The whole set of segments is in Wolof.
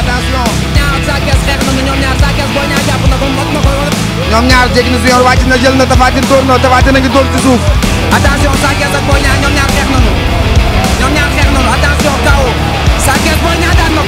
attention ñaar Sa Thiès xeex na ñoom ñaar Sa Thiès Boy Niang jël na Tapha Tine na Tapha a ngi dóor ci suuf attention Sa Thiès ñoom ñaar xeex nañu ñoom ñaar xeex nañu attention kaw Sa Thiès Boy daan na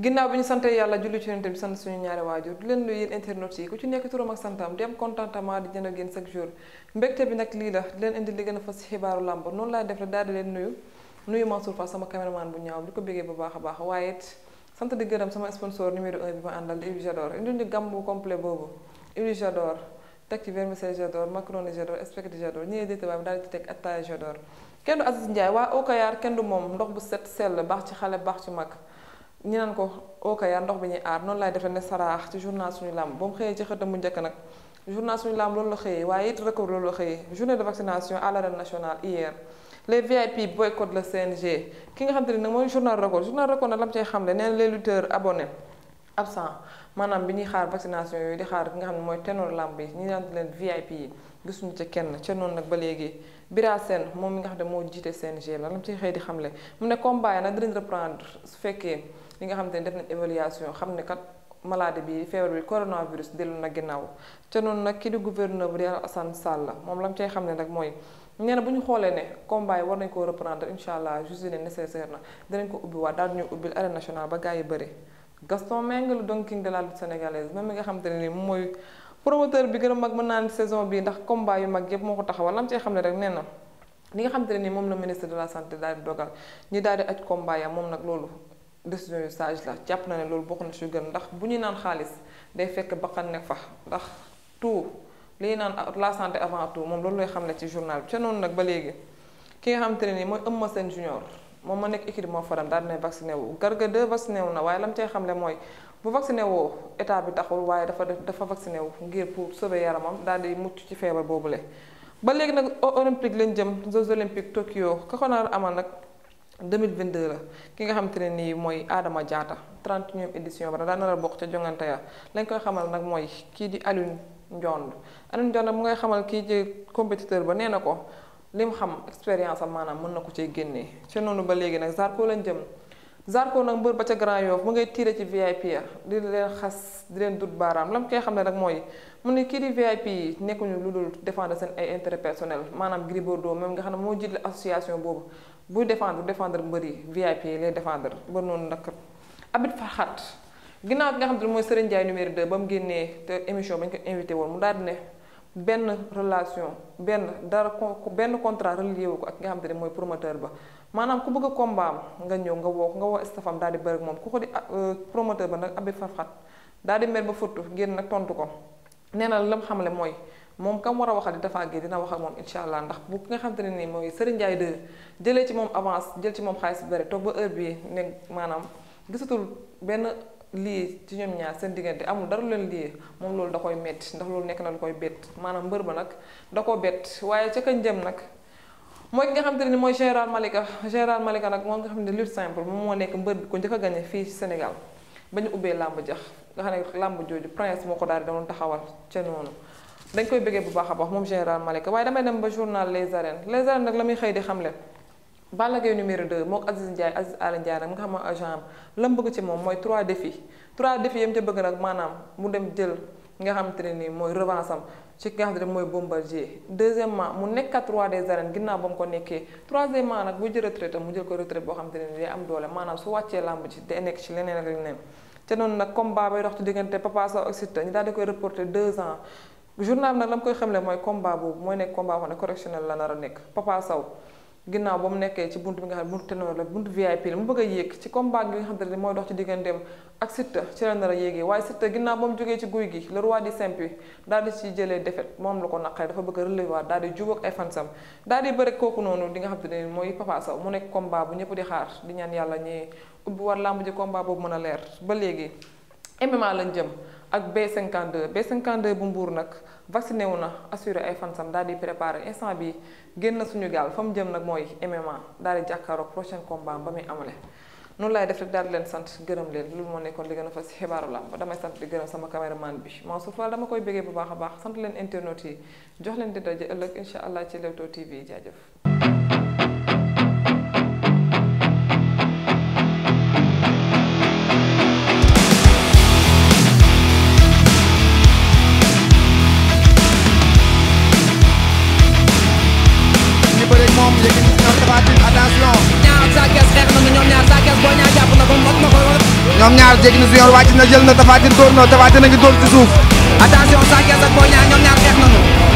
ginnaaw bi ñu sante yàlla julli ci yonent bi sant suñu ñaari waajur di leen nuyu yéen internautes yi ku ci nekk turam ak santam di am contentement di jënd ak yéen chaque bi nag lii la di leen indi li gën a fas ci xibaaru làmb noonu laay def rek daal di leen nuyu nuyu Mansour Fall sama caméraman bu ñaaw di ko bégee bu baax a baax waaye it sant di gërëm sama sponsor numéro 1 bi ma àndal di Ibi Jador indi ñu gàmm bu complet boobu Ibi Jador teg ci vermicelle kenn du Aziz kenn moom ndox bu set baax ci xale baax ci mag ñi naan ko okaya ndox bi ñuy aar noonu laay defee ne saraax ci journal suñu làmb ba mu xëyee ci xëtam bu njëkk nag journal suñu làmb loolu la xëyee waaye it record loolu la xëyee journée de vaccination à l'arène nationale hier les VIP boycottent le CNG ki nga xam te ne nag mooy journal record journal record nag lam cay xamle nee na les lutteurs abonnés absent maanaam bi ñuy xaar vaccination yooyu di xaar ki nga xam ne mooy ténor làmb yi ñu naan leen VIP yi gisuñu ca kenn ca noonu nag ba léegi Bira Sène moom mi nga xam ne moo jiite CNG la lam cay xëy di xam xamle mu ne combat yi nag dinañ reprendre su fekkee bi nga xam te ne def nañ évaluation xam ne kat maladie bi feebar bi coronavirus dellu na ginnaaw ca noonu nag ki di gouverneur bu di Alassane la moom lam cay xam ne nag mooy nee bu ñu xoolee ne combat yi war nañ koo reprendre incha allah juste ne nécessaire na ko ubbi waat daal ñuy ubbil arène nationale ba yi bëri Gaston Mbengue le Don King de la lutte sénégalaise même mi nga xam te ne ni mooy promoteur bi gën a mag mën naa saison bi ndax combat yu mag yépp moo ko taxawal lam cay xam ne rek nee na li nga xam te ne ni moom la ministre de la santé daal di dogal ñi daal di aj combat moom nag loolu décision yu sage la jàpp na ne loolu bokk na ci gën ndax bu ñuy naan xaalis day fekk ba bakkan nekk fa ndax tout li ñuy naan la sante avant tout moom loolu lay xam ne ci journal bi ca noonu nag ba léegi ki nga xamante ne nii mooy Eumeu Sène junior moom ma nekk équipe moo faram daal dina vacciné wu Garga 2 vacciné wu na waaye lam cay xam ne mooy bu vacciné woo état bi taxul waaye dafa dafa vacciné wu ngir pour sauver yaramam daal di mucc ci feebar boobule ba léegi nag olympique lañ jëm jeux olympiques Tokyo ka ko nar amal 2022 la ki nga xamante ne nii mooy aadama jaata 31e édition ba daan na la bokk ca jongante ya lañ koy xamal nag mooy kii di Alioune Ndiond Alioune Ndiond mu ngay xamal kii di compétiteur ba nee na ko lim xam expérience am maanaam mën na ko cee génnee ca noonu ba léegi nag Zarko lañ jëm. Zarko nag mbër ba ca Grand Yoff mu ngay tiire ci VIP ya di leen xas di leen dut baaraam lam koy xam ne nag mooy mu ne kii di VIP yi nekkuñu lu dul défendre seen ay intérêt personnel maanaam Gris Bordeaux même nga xam ne moo jiitle association boobu buy défendre défendre mbër yi VIP yi lay défendre ba noonu nag Abid Farhat ginnaaw bi nga xam ne mooy Serigne Ndiaye numéro 2 ba mu génnee te émission ba ñu ko invité woon mu daal ne benn relation benn dara benn contrat relié wu ko nga xam ne mooy promoteur ba maanaam ku bëgg a combat am nga ñëw nga woo nga woo stafam daal di bëri moom ku ko di ah, euh, promoteur ba nag Habib Farfat daal di mer ba fottu génn nag tontu ko nee na la mu xamle mooy moom kam war a waxal di dafa Guèye dina wax ak moom incha allah ndax bu ki nga xam te ne nii mooy Serigne Ndiaye 2 jëlee ci moom avance jël ci moom xaalis bu bëri toog ba heure bii ne maanaam gisatul benn lii ci ñoom ñaar seen diggante amul dara leen lii moom loolu da koy métti ndax loolu nekk na lu koy bett maanaam mbër ba nag da koo bett waaye ca kañ jëm nag. mooy nga xam te ne mooy Général Malika Général Malika nag moo nga xam ne lutte simple moom moo nekk mbër bi ko njëkk a gañe fii Sénégal ba ñu ubbee làmb jax nga xam ne làmb jooju prince moo ko daal di doon taxawal ca noonu dañ koy bëggee bu baax a baax moom Général Malika waaye damay dem ba journal Les Arènes Les Arènes nag la muy xëy di xam leen Balla Gaye numéro moo mook Aziz Ndiaye Aziz Aly Ndiaye nag mu nga xam ne agent am la mu bëgg ci moom mooy trois defi 3 défis yam ca bëgg nag maanaam mu dem jël nga xam te ne nii mooy revanche ci ki nga xam ne rek mooy Bombardier deuxièmement mu nekkat roi des arènes ginnaaw ba mu ko nekkee troisièmement nag bu jël retraite mu jël ko retraite boo xam te ne day am doole maanaam su wàccee làmb ci day nekk ci leneen ak leneen te noonu nag combat bay dox ci diggante Papa ak Siteu ñu daal di koy reporter deux ans journal nag la mu koy xamle mooy combat boobu mooy nekk combat boo xam ne correctionnel la nar a nekk Papa Sow ginnaaw ba mu nekkee ci bunt bi nga xam ne buntu ténor la buntu VIP la mu bëgg a yéeg ci combat bi nga xam ne mooy dox ci digganteem ak Siteu ci la nar a yéegee waaye Siteu ginnaaw ba mu jógee ci guy gi le roi di simpi daal di ci jëlee défaite moom la ko naqaree dafa bëgg a waa waat daal di jubóog ay fansam daal di bëre kooku noonu di nga xam ne mooy Papa Sow mu nekk combat bu ñëpp di xaar di ñaan yàlla ñi ubbi war làmb ji combat boobu mën a leer ba léegi MMA lañ jëm ak B52 B52 bu mbuur nag vacciné wu na assuré ay fansam daal di préparé instant bi génn suñu gaal fa mu jëm nag mooy MMA daal di jàkkaaroog prochain combat ba muy amale noonu laay def rek daal di leen sant gërëm leen loolu moo nekkoon li gën a fas xibaaru làmb damay sant di gërëm sama caméraman bi Mansour Fall dama koy bëggee bu baax a baax sant leen internet yi jox leen di daje ëllëg incha allah ci Leewtoo TV jaajëf ñoom ñaar jéggi na su yor wàcc jël na Tapha Tine na Tapha ngi dóor ci suuf attention Sa Thiès ak Boy Niang ñoom ñaar xeex nañu